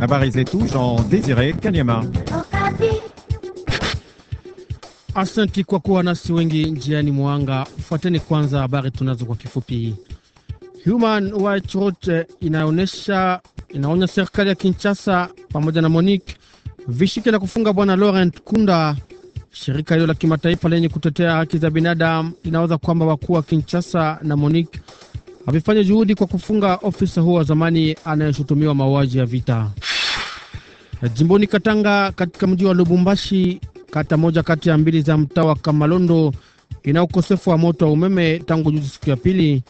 à Baris-les-Touches, Jean Kanyama. Asante kwa kuwa nasi wengi njiani mwanga. Fuateni kwanza habari tunazo kwa kifupi. Human Rights Watch eh, inaonyesha inaonya serikali ya Kinshasa pamoja na Monique vishike na kufunga bwana Laurent Kunda. Shirika hilo la kimataifa lenye kutetea haki za binadamu linawaza kwamba wakuu wa Kinshasa na Monique amefanya juhudi kwa kufunga ofisa huo wa zamani anayeshutumiwa mauaji ya vita. Jimboni Katanga, katika mji wa Lubumbashi, kata moja kati ya mbili za mtaa wa Kamalondo ina ukosefu wa moto wa umeme tangu juzi, siku ya pili.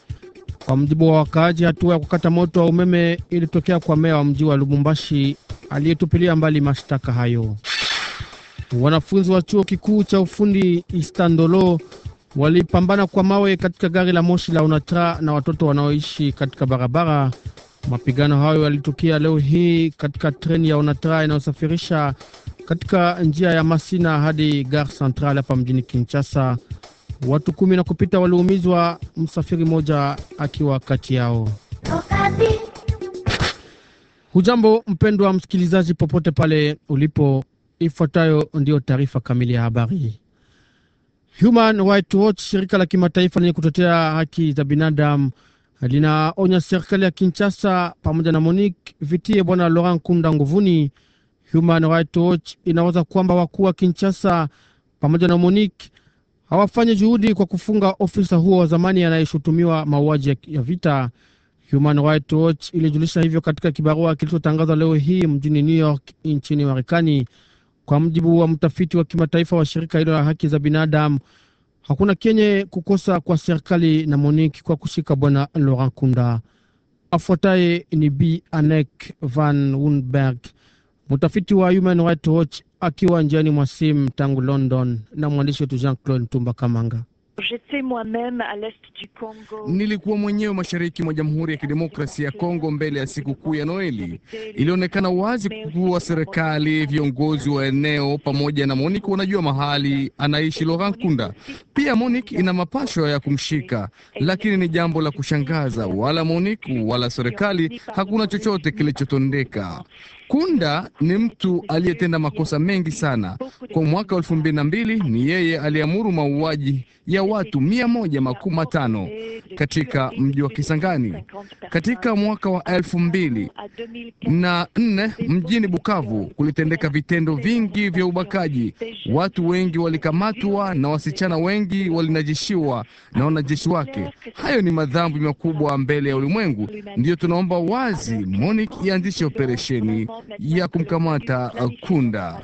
Kwa mjibu wa wakaaji, hatua ya kukata moto wa umeme ilitokea kwa meya wa mji wa Lubumbashi aliyetupilia mbali mashtaka hayo. Wanafunzi wa chuo kikuu cha ufundi Istandolo walipambana kwa mawe katika gari la moshi la Onatra na watoto wanaoishi katika barabara. Mapigano hayo yalitukia leo hii katika treni ya Onatra inayosafirisha katika njia ya Masina hadi Gare Centrale hapa mjini Kinshasa. Watu kumi na kupita waliumizwa, msafiri mmoja akiwa kati yao. Hujambo mpendwa msikilizaji, popote pale ulipo, ifuatayo ndiyo taarifa kamili ya habari. Human Rights Watch, shirika la kimataifa lenye kutetea haki za binadamu, linaonya serikali ya Kinshasa pamoja na Monique vitie bwana Laurent kunda nguvuni. Human Rights Watch inawaza kwamba wakuu wa Kinshasa pamoja na Monique hawafanye juhudi kwa kufunga ofisa huo wa zamani anayeshutumiwa mauaji ya vita. Human Rights Watch ilijulisha hivyo katika kibarua kilichotangazwa leo hii mjini New York nchini Marekani. Kwa mjibu wa mtafiti wa kimataifa wa shirika hilo la haki za binadamu, hakuna kenye kukosa kwa serikali na MONUC kwa kushika bwana Laurent Kunda. Afuataye ni B Anek van Wunberg, mtafiti wa Human Rights Watch akiwa njiani mwa simu tangu London, na mwandishi wetu Jean Claude Tumba Kamanga. Nilikuwa mwenyewe mashariki mwa Jamhuri ya Kidemokrasia ya Kongo mbele ya sikukuu ya Noeli. Ilionekana wazi kuwa serikali, viongozi wa eneo pamoja na Monik wanajua mahali anaishi Laurent Kunda. Pia Monik ina mapasho ya kumshika, lakini ni jambo la kushangaza, wala Monik wala serikali hakuna chochote kilichotondeka. Kunda ni mtu aliyetenda makosa mengi sana. Kwa mwaka elfu mbili na mbili ni yeye aliamuru mauaji ya watu mia moja makumi matano katika mji wa Kisangani katika mwaka wa elfu mbili na nne. Mjini Bukavu kulitendeka vitendo vingi vya ubakaji, watu wengi walikamatwa na wasichana wengi walinajishiwa na wanajeshi wake. Hayo ni madhambi makubwa mbele ya ulimwengu, ndiyo tunaomba wazi MONUC ianzishe operesheni ya kumkamata Kunda.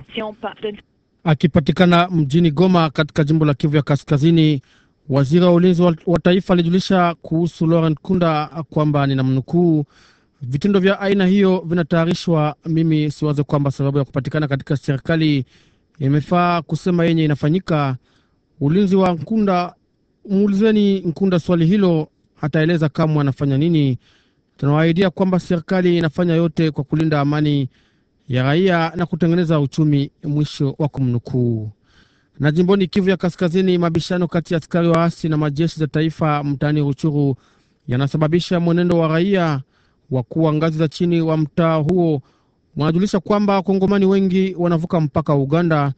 Akipatikana mjini Goma katika jimbo la Kivu ya Kaskazini, waziri wa ulinzi wa taifa alijulisha kuhusu Laurent Kunda kwamba ninamnukuu, vitendo vya aina hiyo vinatayarishwa. Mimi siwaze kwamba sababu ya kupatikana katika serikali imefaa kusema yenye inafanyika. Ulinzi wa Nkunda, muulizeni Nkunda swali hilo, ataeleza kamwe anafanya nini. Tunawaahidia kwamba serikali inafanya yote kwa kulinda amani ya raia na kutengeneza uchumi, mwisho wa kumnukuu. Na jimboni Kivu ya Kaskazini, mabishano kati ya askari waasi na majeshi za taifa mtaani Ruchuru yanasababisha mwenendo wa raia. Wakuu wa ngazi za chini wa mtaa huo wanajulisha kwamba wakongomani wengi wanavuka mpaka wa Uganda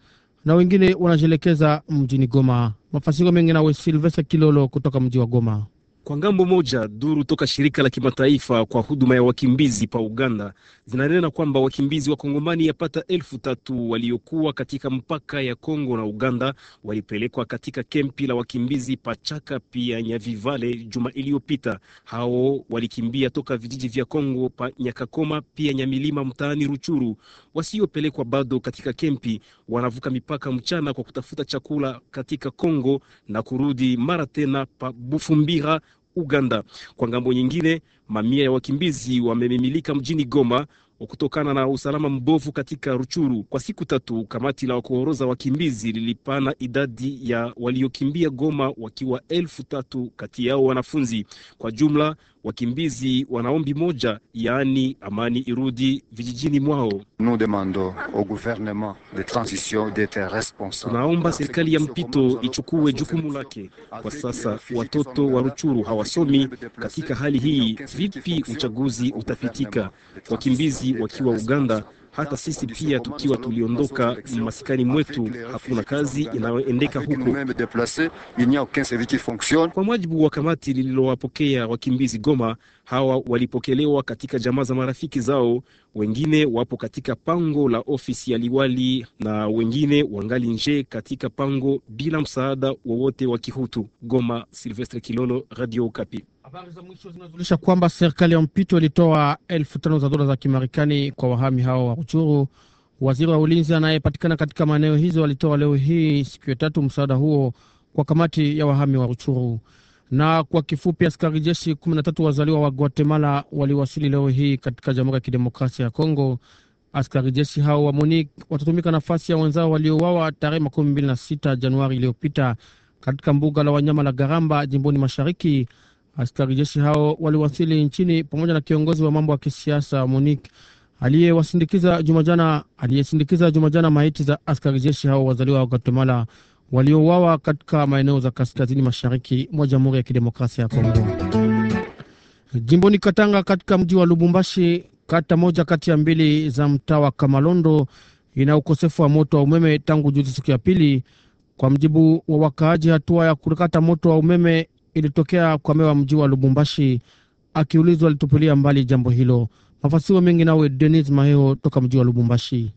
na wengine wanajielekeza mjini Goma. Mafasiko mengi nawe Silvesta Kilolo kutoka mji wa Goma. Kwa ngambo moja, duru toka shirika la kimataifa kwa huduma ya wakimbizi pa Uganda zinanena kwamba wakimbizi wa Kongomani yapata elfu tatu waliokuwa katika mpaka ya Kongo na Uganda walipelekwa katika kempi la wakimbizi Pachaka pia Nyavivale juma iliyopita. Hao walikimbia toka vijiji vya Kongo pa Nyakakoma pia Nyamilima mtaani Ruchuru. Wasiopelekwa bado katika kempi wanavuka mipaka mchana kwa kutafuta chakula katika Kongo na kurudi mara tena pa Bufumbira Uganda. Kwa ngambo nyingine, mamia ya wakimbizi wamemimilika mjini Goma kutokana na usalama mbovu katika Ruchuru. Kwa siku tatu, kamati la kuongoza wakimbizi lilipana idadi ya waliokimbia Goma wakiwa elfu tatu, kati yao wanafunzi. Kwa jumla wakimbizi wanaombi moja, yaani amani irudi vijijini mwao. Tunaomba serikali ya mpito ichukue jukumu lake. Kwa sasa watoto wa Ruchuru hawasomi. Katika hali hii, vipi uchaguzi utapitika? Wakimbizi wakiwa Uganda hata sisi pia tukiwa tuliondoka maskani mwetu, hakuna kazi inayoendeka huko. Kwa mujibu wa kamati lililowapokea wakimbizi Goma, hawa walipokelewa katika jamaa za marafiki zao, wengine wapo katika pango la ofisi ya liwali na wengine wangali nje katika pango bila msaada wowote wa kihutu. Goma, Silvestre Kilolo, Radio Kapi. Habari za mwisho zinazulisha kwamba serikali ya mpito ilitoa elfu tano za dola za Kimarekani kwa wahami hao wa Ruchuru. Waziri wa ulinzi anayepatikana katika maeneo hizo alitoa leo hii siku ya tatu msaada huo kwa kamati ya wahami wa Ruchuru. Na kwa kifupi, askari jeshi kumi na tatu wazaliwa wa Guatemala waliwasili leo hii katika Jamhuri ya Kidemokrasia ya Kongo. Askari jeshi hao wa MONUC watatumika nafasi ya wenzao waliouawa tarehe makumi mbili na sita Januari iliyopita katika mbuga la wanyama la Garamba jimboni mashariki Askari jeshi hao waliwasili nchini pamoja na kiongozi wa mambo ya kisiasa Monique aliyewasindikiza Jumajana, aliyesindikiza Jumajana maiti za askari jeshi hao wazaliwa wa Guatemala waliouawa katika maeneo za kaskazini mashariki mwa Jamhuri ya Kidemokrasia ya Kongo. Jimboni Katanga, katika mji wa Lubumbashi, kata moja kati ya mbili za mtaa wa Kamalondo ina ukosefu wa moto wa umeme tangu juzi, siku ya pili, kwa mjibu wa wakaaji. Hatua ya kukata moto wa umeme ilitokea kwa mewa mji wa Lubumbashi. Akiulizwa alitupilia mbali jambo hilo. Mafasiro mengi nawe Denis Maheo toka mji wa Lubumbashi.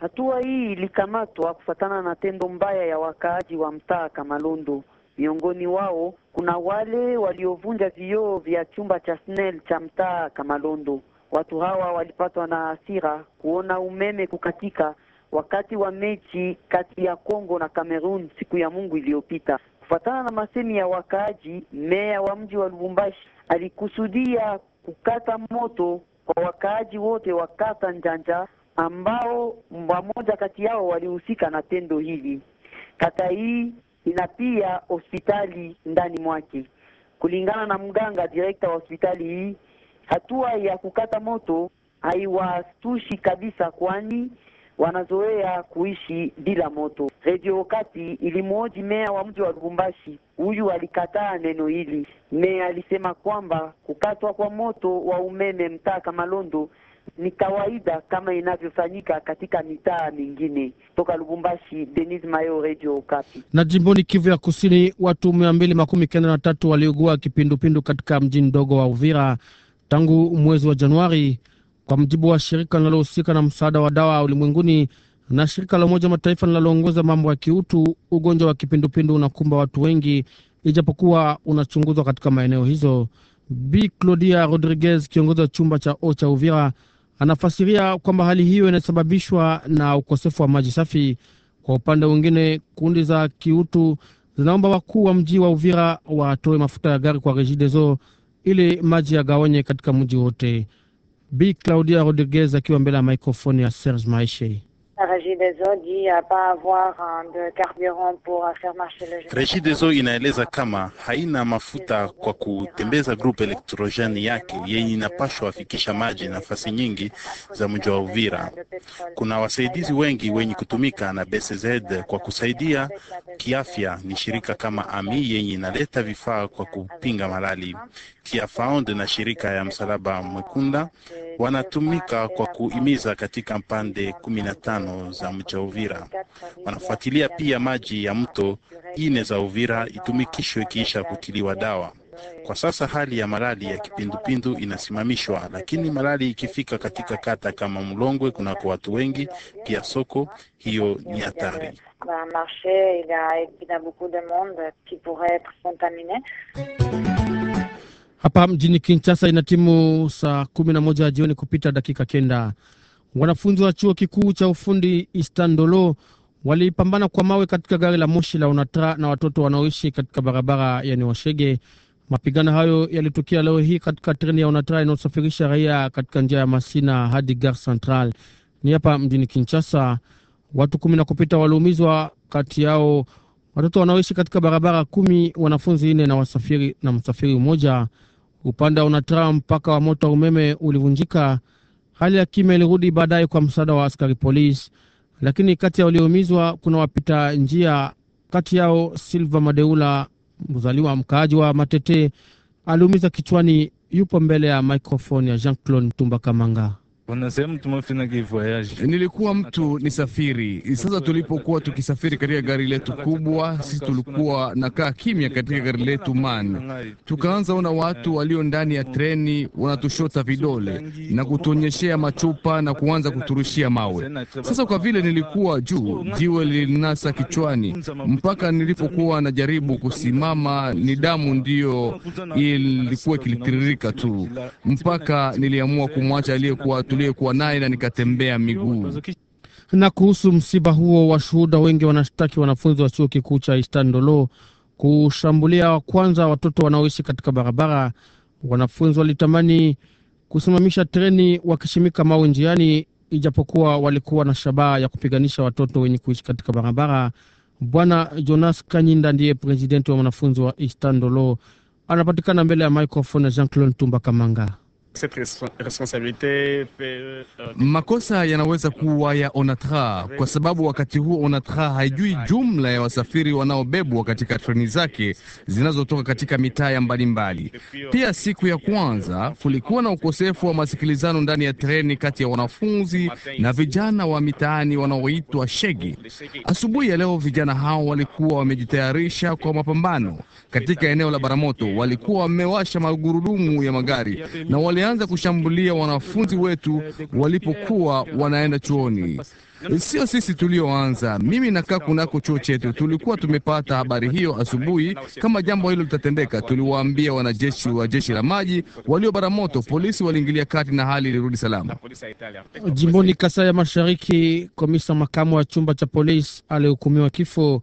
Hatua hii ilikamatwa kufatana na tendo mbaya ya wakaaji wa mtaa Kamalondo. Miongoni wao kuna wale waliovunja vioo vya chumba cha SNEL cha mtaa Kamalondo. Watu hawa walipatwa na hasira kuona umeme kukatika wakati wa mechi kati ya Kongo na Kamerun siku ya Mungu iliyopita. Kufatana na masemi ya wakaaji, meya wa mji wa Lubumbashi alikusudia kukata moto kwa wakaaji wote wa kata Njanja ambao moja kati yao walihusika na tendo hili. Kata hii ina pia hospitali ndani mwake. Kulingana na mganga direkta wa hospitali hii, hatua ya kukata moto haiwastushi kabisa, kwani wanazoea kuishi bila moto. Redio Kati ilimwoji meya wa mji wa Lubumbashi. Huyu alikataa neno hili. Meya alisema kwamba kukatwa kwa moto wa umeme mtaa Kamalondo ni kawaida kama inavyofanyika katika mitaa mingine. Toka Lubumbashi, Denis Mayo, redio Okapi. Na jimboni Kivu ya Kusini, watu mia mbili makumi kenda na tatu waliugua kipindupindu katika mji mdogo wa Uvira tangu mwezi wa Januari kwa mjibu wa shirika linalohusika na msaada wa dawa ulimwenguni na shirika la Umoja Mataifa linaloongoza mambo ya kiutu, ugonjwa wa kipindupindu unakumba watu wengi, ijapokuwa unachunguzwa katika maeneo hizo. Bi Claudia Rodriguez, kiongozi wa chumba cha OCHA Uvira, anafasiria kwamba hali hiyo inasababishwa na ukosefu wa maji safi. Kwa upande mwingine, kundi za kiutu zinaomba wakuu wa mji wa Uvira watoe mafuta ya gari kwa Regideso ili maji yagawanye katika mji wote. Bi Claudia Rodriguez akiwa mbele ya maikrofoni ya Serge Maishe. Regideso dezo euh, inaeleza kama haina mafuta kwa kutembeza grupu elektrojeni yake yenye inapashwa afikisha maji nafasi nyingi za mji wa Uvira. Kuna wasaidizi wengi wenye kutumika na BCZ kwa kusaidia kiafya. Ni shirika kama AMI yenye inaleta vifaa kwa kupinga malali, Kia Found na shirika ya Msalaba Mwekunda wanatumika kwa kuimiza katika mpande kumi na tano tano za mji wa Uvira. Wanafuatilia pia maji ya mto ine za Uvira itumikishwe kisha kutiliwa dawa. Kwa sasa hali ya malali ya kipindupindu inasimamishwa, lakini malali ikifika katika kata kama Mlongwe kunako watu wengi, pia soko hiyo ni hatari. Hapa mjini Kinshasa ina timu saa kumi na moja jioni kupita dakika kenda. Wanafunzi wa chuo kikuu cha ufundi Istandolo walipambana kwa mawe katika gari la moshi la Onatra na watoto wanaoishi katika barabara ya Niwashege. Mapigano hayo yalitokea leo hii katika treni ya Onatra inayosafirisha raia katika njia ya Masina hadi Gare Central ni hapa mjini Kinshasa. Watu kumi na kupita waliumizwa, kati yao watoto wanaoishi katika barabara kumi, wanafunzi nne na wasafiri na msafiri mmoja. Upande wa UNATRA mpaka wa moto wa umeme ulivunjika. Hali ya kimya ilirudi baadaye kwa msaada wa askari polisi, lakini kati ya walioumizwa kuna wapita njia, kati yao Silva Madeula, mzaliwa mkaaji wa Matete, aliumiza kichwani. Yupo mbele ya maikrofoni ya Jean Claude tumba Kamanga. Wanasema nilikuwa mtu ni safiri. Sasa tulipokuwa tukisafiri katika gari letu kubwa, sisi tulikuwa nakaa kimya katika gari letu man, tukaanza ona watu walio ndani ya treni wanatushota vidole na kutuonyeshea machupa na kuanza kuturushia mawe. Sasa kwa vile nilikuwa juu, jiwe lilinasa kichwani mpaka nilipokuwa najaribu kusimama, ni damu ndiyo ilikuwa kilitiririka tu, mpaka niliamua kumwacha aliyekuwa tuliyekuwa naye na nikatembea miguu. Na kuhusu msiba huo, washuhuda wengi wanashtaki wanafunzi wa chuo kikuu cha Istandolo kushambulia kwanza watoto wanaoishi katika barabara. Wanafunzi walitamani kusimamisha treni wakishimika mawe njiani, ijapokuwa walikuwa na shabaha ya kupiganisha watoto wenye kuishi katika barabara. Bwana Jonas Kanyinda ndiye presidenti wa wanafunzi wa Istandolo, anapatikana mbele ya microphone ya Jean Claude Tumba Kamanga. Euh, euh, Makosa yanaweza kuwa ya ONATRA kwa sababu wakati huo ONATRA haijui jumla ya wasafiri wanaobebwa katika treni zake zinazotoka katika mitaa ya mbalimbali. Pia siku ya kwanza kulikuwa na ukosefu wa masikilizano ndani ya treni kati ya wanafunzi na vijana wa mitaani wanaoitwa shegi. Asubuhi ya leo vijana hao walikuwa wamejitayarisha kwa mapambano katika eneo la Baramoto, walikuwa wamewasha magurudumu ya magari na wali walianza kushambulia wanafunzi wetu walipokuwa wanaenda chuoni. Sio sisi tulioanza. Mimi nakaa kunako chuo chetu, tulikuwa tumepata habari hiyo asubuhi kama jambo hilo litatendeka. Tuliwaambia wanajeshi wa jeshi la maji walio baramoto, polisi waliingilia kati na hali ilirudi salama. Jimboni Kasai ya Mashariki, komisa makamu wa chumba cha polisi alihukumiwa kifo.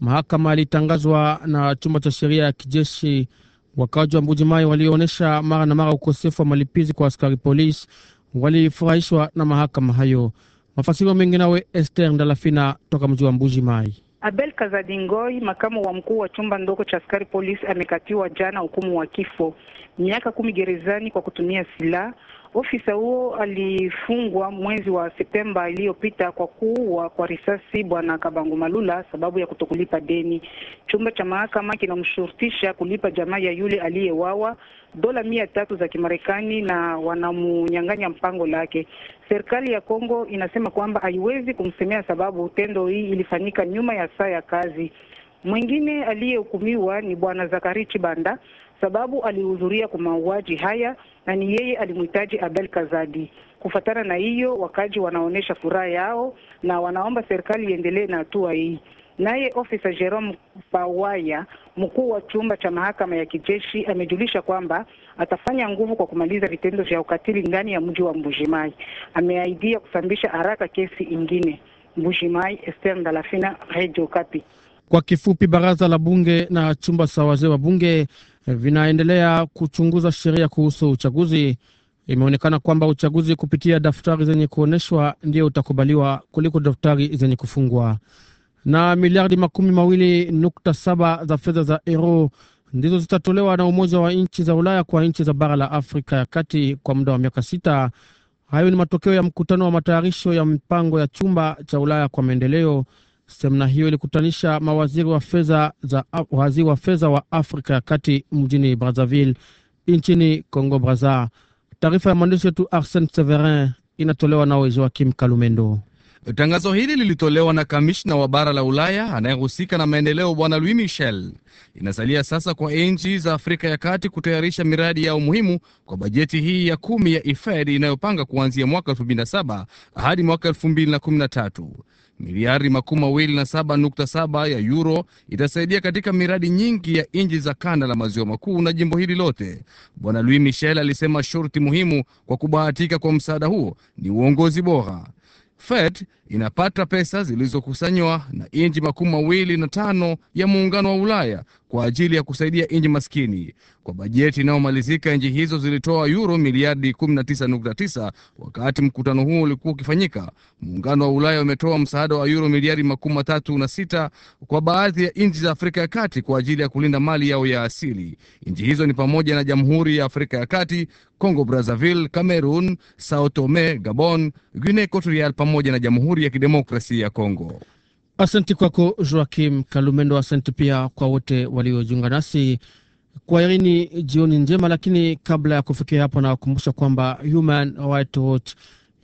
Mahakama alitangazwa na chumba cha sheria ya kijeshi Wakaji wa Mbujimai walioonyesha mara na mara ukosefu wa malipizi kwa askari polisi walifurahishwa na mahakama hayo. Mafasiriwa mengi nawe Esther Ndalafina toka mji wa mbuji mai Abel Kazadingoi, makamu wa mkuu wa chumba ndogo cha askari polisi, amekatiwa jana hukumu wa kifo, miaka kumi gerezani kwa kutumia silaha Ofisa huo alifungwa mwezi wa Septemba iliyopita kwa kuua kwa risasi bwana Kabangu Malula sababu ya kutokulipa deni. Chumba cha mahakama kinamshurutisha kulipa jamaa ya yule aliyewawa dola mia tatu za Kimarekani na wanamunyang'anya mpango lake. Serikali ya Kongo inasema kwamba haiwezi kumsemea sababu tendo hii ilifanyika nyuma ya saa ya kazi. Mwingine aliyehukumiwa ni bwana Zakari Chibanda sababu alihudhuria kwa mauaji haya na ni yeye alimhitaji Abel Kazadi. Kufatana na hiyo, wakaji wanaonyesha furaha yao na wanaomba serikali iendelee na hatua hii. Naye ofisa Jerome Pawaya, mkuu wa chumba cha mahakama ya kijeshi, amejulisha kwamba atafanya nguvu kwa kumaliza vitendo vya ukatili ndani ya mji wa Mbujimai. Ameahidia kusambisha haraka kesi ingine. Mbujimai, Esther Ndalafina, Radio kapi Kwa kifupi, baraza la bunge na chumba cha wazee wa bunge vinaendelea kuchunguza sheria kuhusu uchaguzi. Imeonekana kwamba uchaguzi kupitia daftari zenye kuonyeshwa ndio utakubaliwa kuliko daftari zenye kufungwa. Na miliardi makumi mawili nukta saba za fedha za ero ndizo zitatolewa na Umoja wa Nchi za Ulaya kwa nchi za bara la Afrika ya Kati kwa muda wa miaka sita. Hayo ni matokeo ya mkutano wa matayarisho ya mipango ya chumba cha Ulaya kwa maendeleo Semina hiyo ilikutanisha mawaziri wa fedha za waziri wa fedha wa Afrika ya Kati mjini Brazzaville nchini Congo Brazza. Taarifa ya mwandishi wetu Arsene Severin inatolewa na Joakim Kalumendo. Tangazo hili lilitolewa na kamishna wa bara la Ulaya anayehusika na maendeleo Bwana Louis Michel. Inasalia sasa kwa nchi za Afrika ya Kati kutayarisha miradi yao muhimu kwa bajeti hii ya kumi ya IFED inayopanga kuanzia mwaka 2007 hadi mwaka 2013. Miliari makumi mawili na saba nukta saba ya euro itasaidia katika miradi nyingi ya nchi za kanda la maziwa makuu na jimbo hili lote. Bwana Louis Michel alisema shurti muhimu kwa kubahatika kwa msaada huo ni uongozi bora. fed inapata pesa zilizokusanywa na inji makumi mawili na tano ya muungano wa Ulaya kwa ajili ya kusaidia inji maskini. Kwa bajeti inayomalizika, inji hizo zilitoa yuro miliardi 19.9 wakati mkutano huo ulikuwa ukifanyika. Muungano wa Ulaya umetoa msaada wa yuro miliardi makumi matatu na sita kwa baadhi ya nchi za Afrika ya Kati kwa ajili ya kulinda mali yao ya asili. Nchi hizo ni pamoja na Jamhuri ya Afrika ya Kati, Congo Brazzaville, Cameroon, Sao Tome, Gabon, Guinea Equatorial pamoja na Jamhuri Jamhuri ya Kidemokrasia ya Kongo. Asante kwako Joakim Kalumendo, asante pia kwa wote waliojiunga nasi kwa irini. Jioni njema. Lakini kabla ya kufikia hapo, nawakumbusha kwamba Human Rights Watch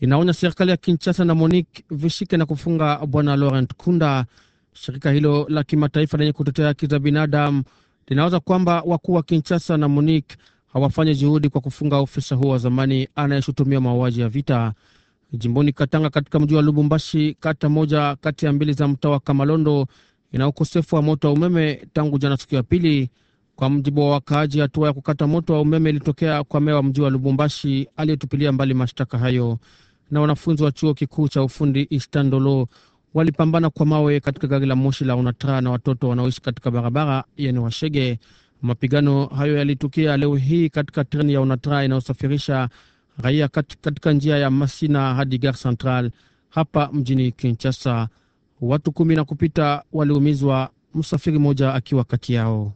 inaonya serikali ya Kinshasa na Monique vishike na kufunga bwana Laurent Kunda. Shirika hilo la kimataifa lenye kutetea haki za binadamu linawaza kwamba wakuu wa Kinshasa na Monique hawafanye juhudi kwa kufunga ofisa huo wa zamani anayeshutumia mauaji ya vita jimboni Katanga, katika mji wa Lubumbashi, kata moja kati ya mbili za mtaa wa Kamalondo ina ukosefu wa moto wa umeme tangu jana, siku ya pili. Kwa mjibu wa wakaaji, hatua ya kukata moto wa umeme ilitokea kwa meya wa mji wa Lubumbashi aliyetupilia mbali mashtaka hayo. Na wanafunzi wa chuo kikuu cha ufundi Istandolo walipambana kwa mawe katika gari la moshi la UNATRA na watoto wanaoishi katika barabara yani Washege. Mapigano hayo yalitukia leo hii katika treni ya UNATRA inayosafirisha raia katika njia ya Masina hadi Gare Central hapa mjini Kinshasa. Watu kumi na kupita waliumizwa, msafiri mmoja akiwa kati yao.